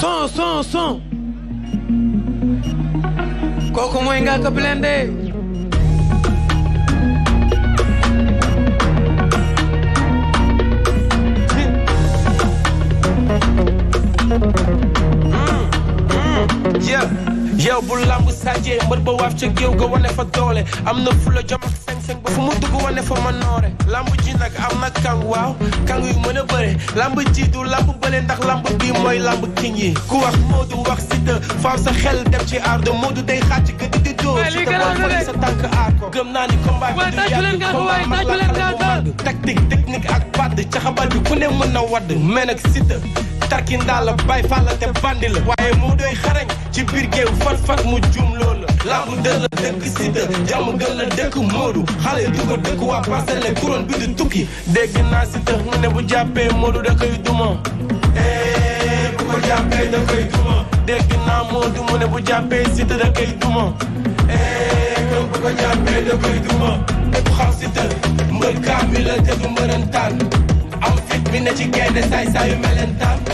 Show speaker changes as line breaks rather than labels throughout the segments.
son son son kooku mooy Ngaaka Blindé
yow bu lamb sàjjee mbër ba waaf ca géew ga wane fa doole am na fula jom ak seen bopp fu mu dugg wane fa ma noore lamb ji nag am na kang waaw kang yu mën a bëre lamb ji lamb bële ndax lamb bi mooy lamb king yi ku wax Modou wax Siteu faaw sa xel dem ci ardo Modou day xàcc gëdd di dóor si te boo fële sa tànk aar ko gëm naa ni combat bi du yàgg combat mag la xale bu mag tactique technique ak bi ku ne mën na wadd mais nag tarki ndaala bay fàlla te bandi la waaye moo doy xarañ ci biir géew fat mu juum loola lambu dër la dëkk sida jàmm gën la dëkk Modou xale du ko dëkk waa parcelle couronne bi di tukki dégg naa si tax bu jàppee Modou da koy duma bu eh, ko jàppee da duma dégg naa Modou mu bu jàppee sida da koy duma bu eh, ko jàppee da koy duma ku xam sida mbër kaamil la te du mbërantaan am fit bi ne ci gaynde saay saayu melentaan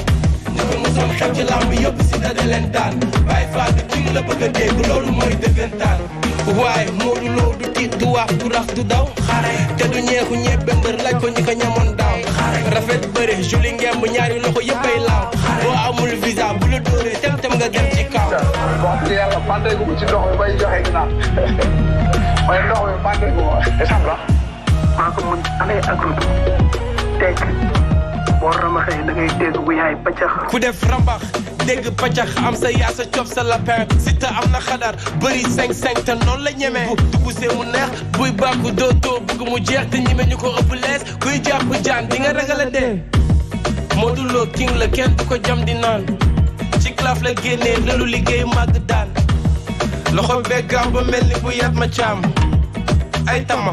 fi musam ci làmb yëpp si da da leen daan bàyyi faal bi king la bëgg a dégg loolu mooy dëggantaan waaye Modou Lo du tiit du wax du rax du daw xare te du ñeexu ñebbe mbër laaj ko ñi ko rafet bëre juli ngemb ñaari loxo yëppay laaw boo amul visa bu la dóoree tem tem nga dem ci kaw wax dëgg yàlla fàtteeku ci ndox mi bay joxe ginnaaw mooy ndox mi fàtteeku ko. maa ko boo ramaxee da ngay bu yaay paccax ku def rambax dégg paccax am sa yaa sa cob sa lapin si ta am na xadar bëri cinq cinq te noonu la ñemee bu dugusee mu neex buy bàkku dootoo bëgg mu jeex te ñeme ñu ko ëpp lees kuy jàpp jaan di nga ragal a dee Modou Lo king la kenn du ko jam di naan ci claf la génnee lelu liggéey màgg daan loxo beggaaw ba mel ni bu yat ma caam ay tama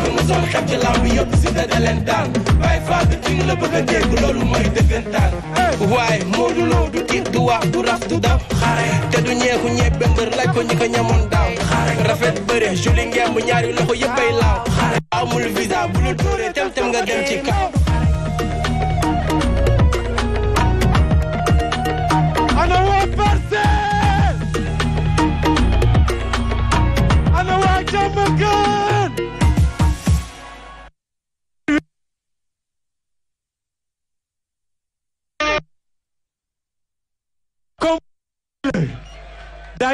dëgg mosoon xeeb ci làmb yëpp si da leen daan Baye Fall ki nga la bëgg a dégg loolu mooy dëggantaan waaye Modou Lo du tiit du wax du raf du daw du ñeexu ñebe mbër laaj ko ñi ko ñamoon daaw xare rafet bëre juli ngemb ñaari loxo yëppay laaw xare amul visa bu la dóoree tem tem nga dem ci kaw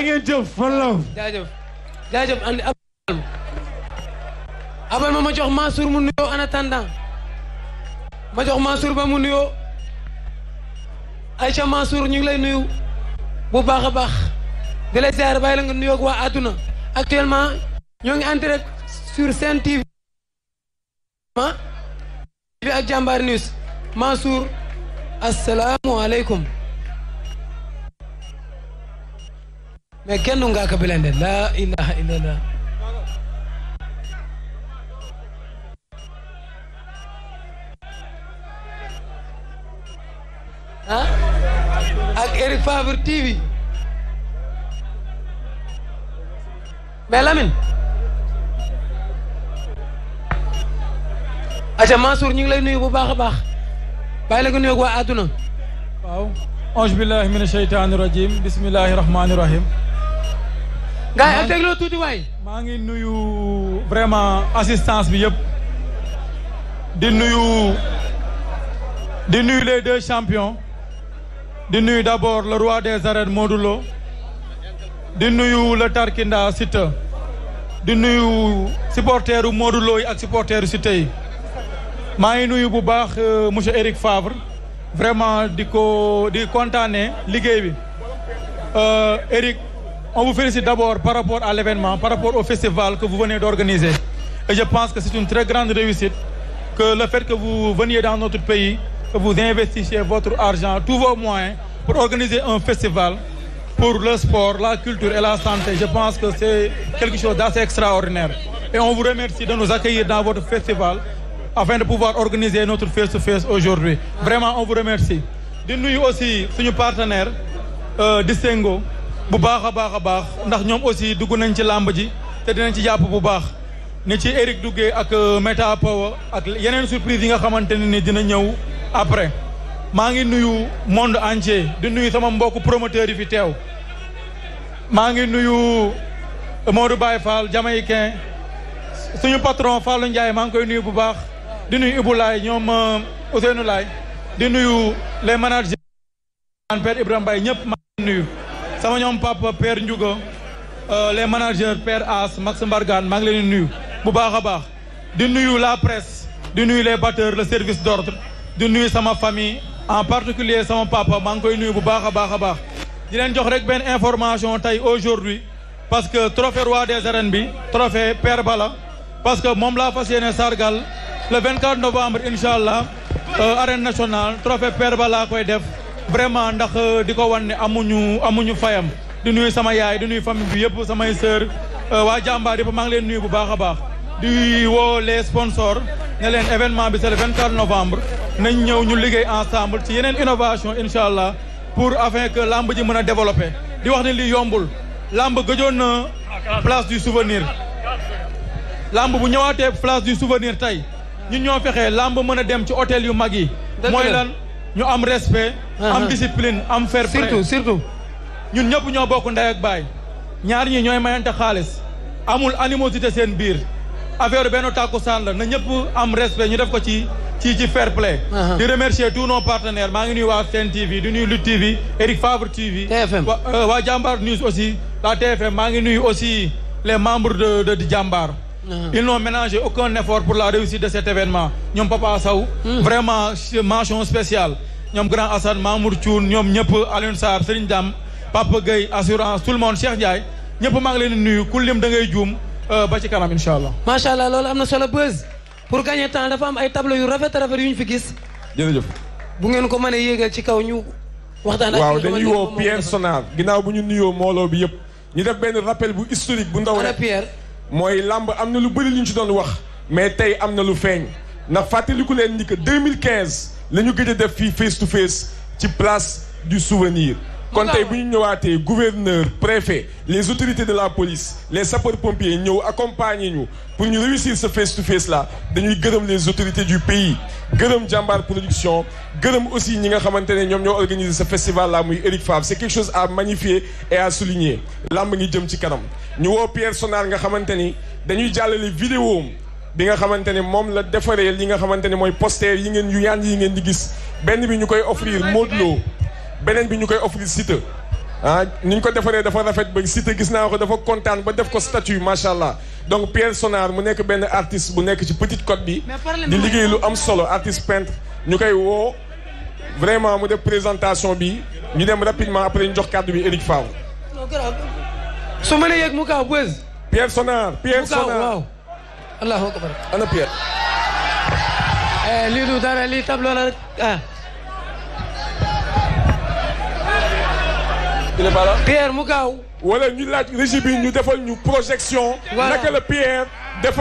jaa ngeen jëf falaw.
jaajëf abal ma ma jox Mansour mu nuyoo en ma jox Mansour ba mu nuyoo Aïcha Mansour ñu ngi lay nuyu bu baax a baax di lay ziar bàyyi la nga nuyoo ak waa àdduna actuellement ñoo ngi en direct sur Sen TV bi ak Jambar News Mansour asalaamualeykum. mais kenn nga ka bilande la ilaha illallah ah? ak Eric Favre TV mais Lamine aca Mansour ñu ngi lay nuyu bu baax a baax
bàyyi la ko nuyu waa àdduna waaw ange billahi min asheytani rajim bismillahi rahmani rahim gars yi ak waay. maa ngi nuyu vraiment assistance bi yëpp di nuyu di nuyu les deux champions di nuyu d' abord le roi des arènes Modou di nuyu la Tarkinda Siteu di nuyu supporteru Modou Lo yi ak supporteru Siteu yi maa ngi nuyu bu baax euh, monsieur éric Favre vraiment di ko di kontaane liggéey bi Eric. Euh, on vous félicite d'abord par rapport à l'événement, par rapport au festival que vous venez d'organiser. Et je pense que c'est une très grande réussite que le fait que vous veniez dans notre pays, que vous investissiez votre argent, tous vos moyens pour organiser un festival pour le sport, la culture et la santé. Je pense que c'est quelque chose d'assez extraordinaire. Et on vous remercie de nous accueillir dans votre festival afin de pouvoir organiser notre face-to-face aujourd'hui. Vraiment, on vous remercie. De nous aussi, c'est nos partenaire, euh, bu baax a baax a baax ndax ñoom aussi dugg nañ ci làmb ji te dinañ ci jàpp bu baax ni ci Eric duggee ak euh, Meta Power ak yeneen surprise yi nga xamante ne ni dina ñëw après maa ngi nuyu monde entier di nuyu sama mbokku promoteur yi fi teew maa ngi nuyu Modou Baye Fall jamaïcain suñu patron Fallou Ndiaye maa ngi koy nuyu bu baax di nuyu Ibou Laye ñoom euh, Ousseynou Laye di nuyu les managers an Père Ibrahima Mbaye ñëpp maa nuyu sama ñoom papa père Ndiouga euh, les managers père As Max Mbargane maa ngi nuyu bu baax a baax di nuyu la presse di nuyu les batteurs le service d'ordre di nuyu sama famille en particulier sama papa maa ngi koy nuyu bu baax a baax a baax di leen jox rek benn information tey aujourd'hui parce que trophée roi des arènes bi trophée père Bala parce que moom laa fas yéene sargal le 24 novembre incha allah euh, arène nationale trophée père Bala koy def vraiment ndax euh, di ko wan ne amuñu amuñu fayam di nuyu sama yaay di nuyu famille bi yëpp samay sœur euh, waa jàmbaar yëpp maa ngi leen nuyu bu baax a baax di woo les sponsors ne leen événement bi c'est le novembre nañ ñëw ñu liggéey ensemble ci yeneen innovation incha allah pour afin que lamb ji mën a développer di wax ne li yombul lamb gëjoon na place du souvenir làmb bu ñëwaatee place du souvenir tey ñu ñoo fexee làmb mën a dem ci hôtel yu mag yi mooy lan ñu am respe ah, am ah. discipline am fair play surtout surtout. ñun ñëpp ñoo bokk ndey baay. ñaar ñi ñooy mayante xaalis. amul animosité seen biir. affaire benn tàkkusaan la na ñëpp am respect ñu def ko ci ci ci fair play. Ah, di remercier tous nos partenaire maa ngi nuyu waa Sen TV di nuyu Lutte TV Eric Favre TV. TFM euh, waa Jambar News aussi la TFM maa ngi nuyu aussi les membres de de Jambar. Ah. ils n'ont ménagé aucun effort pour la réussite de cet événement ñoom Papa Sow hmm. vraiment mention spéciale ñoom Grand Assane Mamour Thioune ñoom ñëpp Alioune Sarr Serigne Dam Papa Gueye assurance tout le monde Cheikh Ndiaye ñëpp maa ngi leen di nuyu ku lim da ngay juum euh, ba ci kanam incha allah macha allah loolu am na solo buzz pour gagner temps dafa am ay tableau yu rafet rafet yu ñu fi gis jërëjëf
bu ngeen ko mënee yéegal ci kaw ñu waxtaan ak waaw dañuy woo Pierre Sonar ginnaaw bu ñu nuyoo mbooloo bi yëpp ñu def benn rappel bu bu ndaw rek mooy làmb am na lu bëri lu ñu ci doon wax mais tey am na lu feeñ ndax fàttaliku leen ni que 2015 la ñu gëj a def fii face to face ci place du souvenir kon tey bu ñu ñëwaatee gouverneur préfet les autorités de la police les sapeurs-pompiers ñëw accompagner ñu pour ñu réussir sa face to face là dañuy gërëm les autorités du pays gërëm jàmbaar production gërëm aussi ñi nga xamante ne ñoom ñoo organiser sa festival la muy Eric Favre c'est quelque chose à magnifier et à souligner làmb ngi jëm ci kanam ñu woo Pierre Sonar nga xamante ni dañuy jàllale vidéo bi nga xamante ne moom la defaree li nga xamante ne mooy poster yi ngeen yu ñaan yi ngeen di gis benn bi ñu koy offrir Modou Lo beneen bi ñu koy offrir Siteu ah ni ñu ko defaree dafa rafet ba Siteu gis naa ko dafa kontaan ba def ko statut macha allah donc Pierre Sonar mu nekk benn artiste bu nekk ci Petite Côte bi. di liggéey lu am solo artiste peintre ñu koy woo vraiment mu def présentation bi ñu dem rapidement après ñu jox kàddu bi Éric Faw. su ma nee yeeg mu gaaw Boez. Pierre Sonar Pierre Sonar waaw. allahu akbar ana Pierre.
Eh, lii du dara lii tableau la ah.
il est pas là Pierre
mu gaaw. wala ñu laaj régie bi ñu defal ñu projection. voilà naka la Pierre.